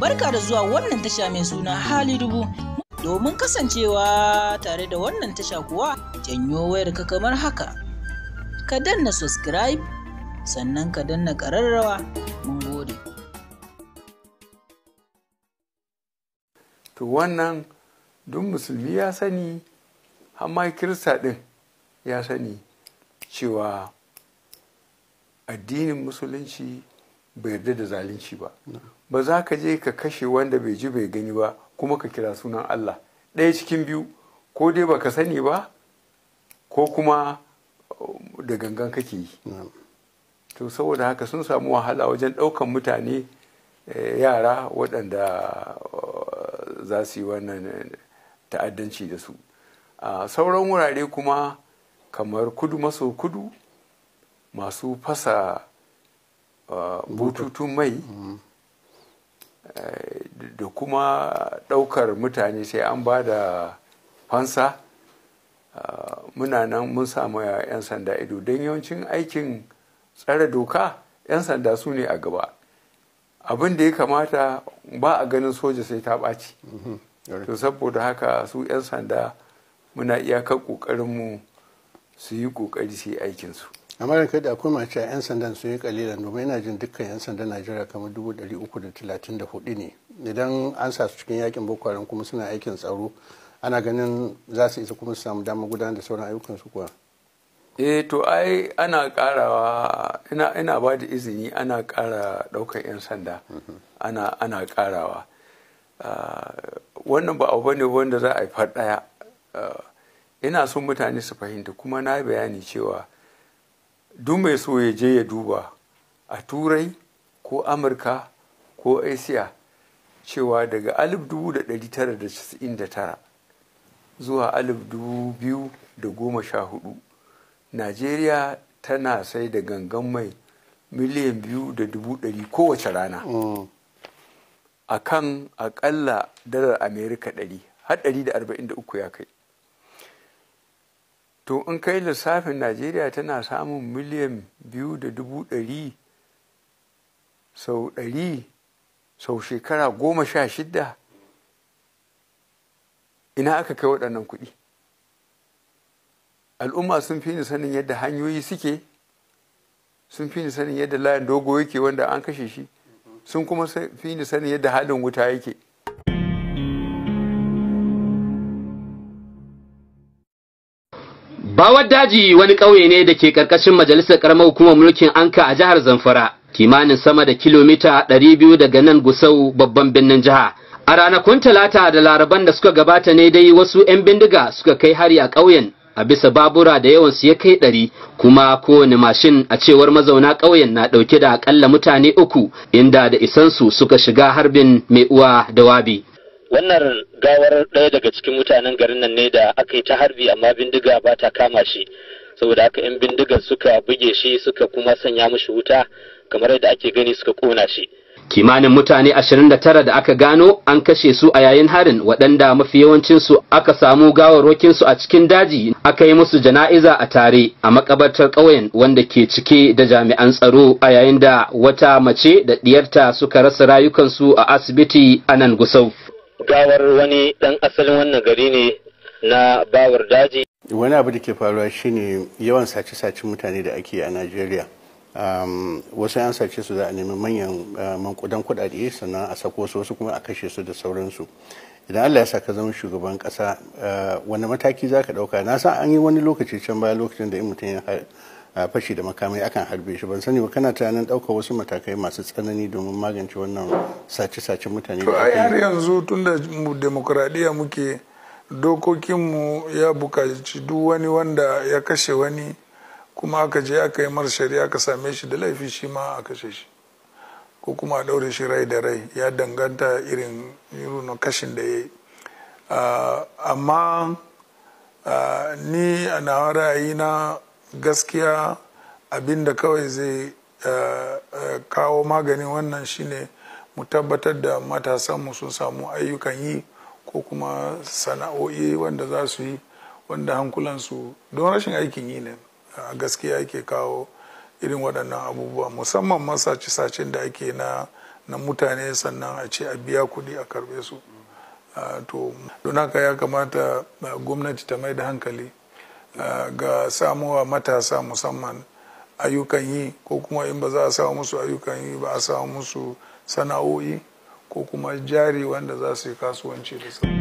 barka da zuwa wannan tasha mai suna hali dubu domin kasancewa tare da wannan tasha kuwa janyo wayarka kamar haka ka danna subscribe sannan ka danna ƙararrawa mun gode to wannan duk musulmi ya sani amma kirista ɗin ya sani cewa addinin musulunci bai yarda da zalunci ba ba za ka je ka kashe wanda bai ji bai gani ba kuma ka kira sunan Allah ɗaya cikin biyu ko dai baka sani ba ko kuma um, da gangan kake yi to saboda haka sun samu wahala wajen ɗaukan mutane eh, yara waɗanda uh, za su yi wannan eh, ta'addanci da su a sauran wurare kuma kamar kudu maso kudu masu fasa uh, bututun mai mm. da kuma ɗaukar mutane sai an ba da fansa ah, muna nan mun samu 'yan sanda ido don yawancin aikin tsare doka 'yan sanda su ne a gaba abin da ya kamata ba a ganin soja sai ta ɓaci mm-hmm. to saboda haka su 'yan sanda muna iyakar ƙoƙarinmu su yi ƙoƙari su yi aikinsu amma kai da akwai mace a 'yan sandan sun yi kalilan domin yana jin dukkan 'yan sandan najeriya kamar dubu uku da da talatin hudu ne idan an sa su cikin yakin boko kuma suna aikin tsaro ana ganin za su isa kuma su samu damar gudanar da sauran ayyukan su kuwa eh to ai ana karawa ina ba da izini ana kara daukar 'yan sanda mhm. ana ana karawa ah, wannan ba abu ne wanda za a yi faɗaya ah, ina son mutane su fahimta kuma na bayani cewa duk mai so ya je ya duba a turai ko amurka ko asiya cewa daga 1999 zuwa 2014 najeriya tana sai da gangan mai miliyan biyu kowace rana mm. a kan akalla dalar amerika ɗari har 143 ya kai to in kai lissafin najeriya tana samun miliyan biyu da dubu ɗari sau ɗari sau shekara goma sha shida ina aka kai waɗannan kuɗi al'umma sun fi ni sanin yadda hanyoyi suke sun fi ni sanin yadda layin dogo yake wanda an kashe shi sun kuma fi ni sanin yadda halin wuta yake Bawar daji wani ƙauye ne da ke ƙarƙashin majalisar ƙaramar hukumar mulkin Anka a jihar Zamfara, kimanin sama da kilomita ɗari biyu daga nan Gusau babban birnin jiha. A ranakun Talata da Laraban da suka gabata ne dai wasu 'yan bindiga suka kai hari a ƙauyen a bisa babura da yawansu ya kai ɗari kuma kowane mashin a cewar mazauna ƙauyen na ɗauke da aƙalla mutane uku inda da isansu suka shiga harbin mai uwa da wabi. wannan gawar ɗaya daga cikin mutanen garin nan ne da aka yi ta harbi amma bindiga ba ta kama shi saboda haka 'yan bindiga suka buge shi suka kuma sanya mishi wuta kamar yadda ake gani suka kona shi kimanin mutane 29 da aka gano an kashe su a yayin harin waɗanda mafi yawancinsu aka samu su a cikin daji aka yi musu jana'iza a tare a makabartar ƙauyen wanda ke cike da jami'an tsaro a yayin da wata mace da ɗiyarta suka rasa rayukansu a asibiti a nan gusau gawar wani dan asalin wannan gari ne na bawar daji. Wani abu da ke faruwa shine yawan sace-sace mutane da ake a Najeriya. wasu an sace su za a nemi manyan mankudan kudade sannan a sako su wasu kuma a kashe su da sauransu. Idan Allah ya sa ka zama shugaban kasa wani mataki za ka ɗauka. Na san an yi wani lokaci can baya lokacin da in mutum ya a fashi da makamai akan harbe shi ban sani ba kana tunanin ɗaukar wasu matakai masu tsanani domin magance wannan sace-sace mutane to a har yanzu tunda mu demokuraɗiyya muke dokokinmu ya bukaci duk wani wanda ya kashe wani kuma aka je aka yi mar shari'a aka same shi da laifi shi ma a kashe shi ko kuma a ɗaure shi rai da rai ya danganta irin irin kashin da ya yi ah, amma ah, ni a nawa ra'ayi na gaskiya abin da kawai zai eh, eh, kawo maganin wannan shine mu tabbatar da matasanmu sun samu ayyukan yi ko kuma sana'o'i wanda za su yi wanda hankulansu don rashin aikin yi ne a gaskiya ake kawo irin waɗannan abubuwa musamman masace-sacen da ake na na mutane sannan a ce a biya kuɗi a karɓe su ah, to don haka ya kamata ah, gwamnati ta mai da hankali ga samuwa matasa musamman ayyukan yi ko kuma in ba za a samu musu ayyukan yi ba a samu musu sana'o'i ko kuma jari wanda za su yi kasuwanci da sauran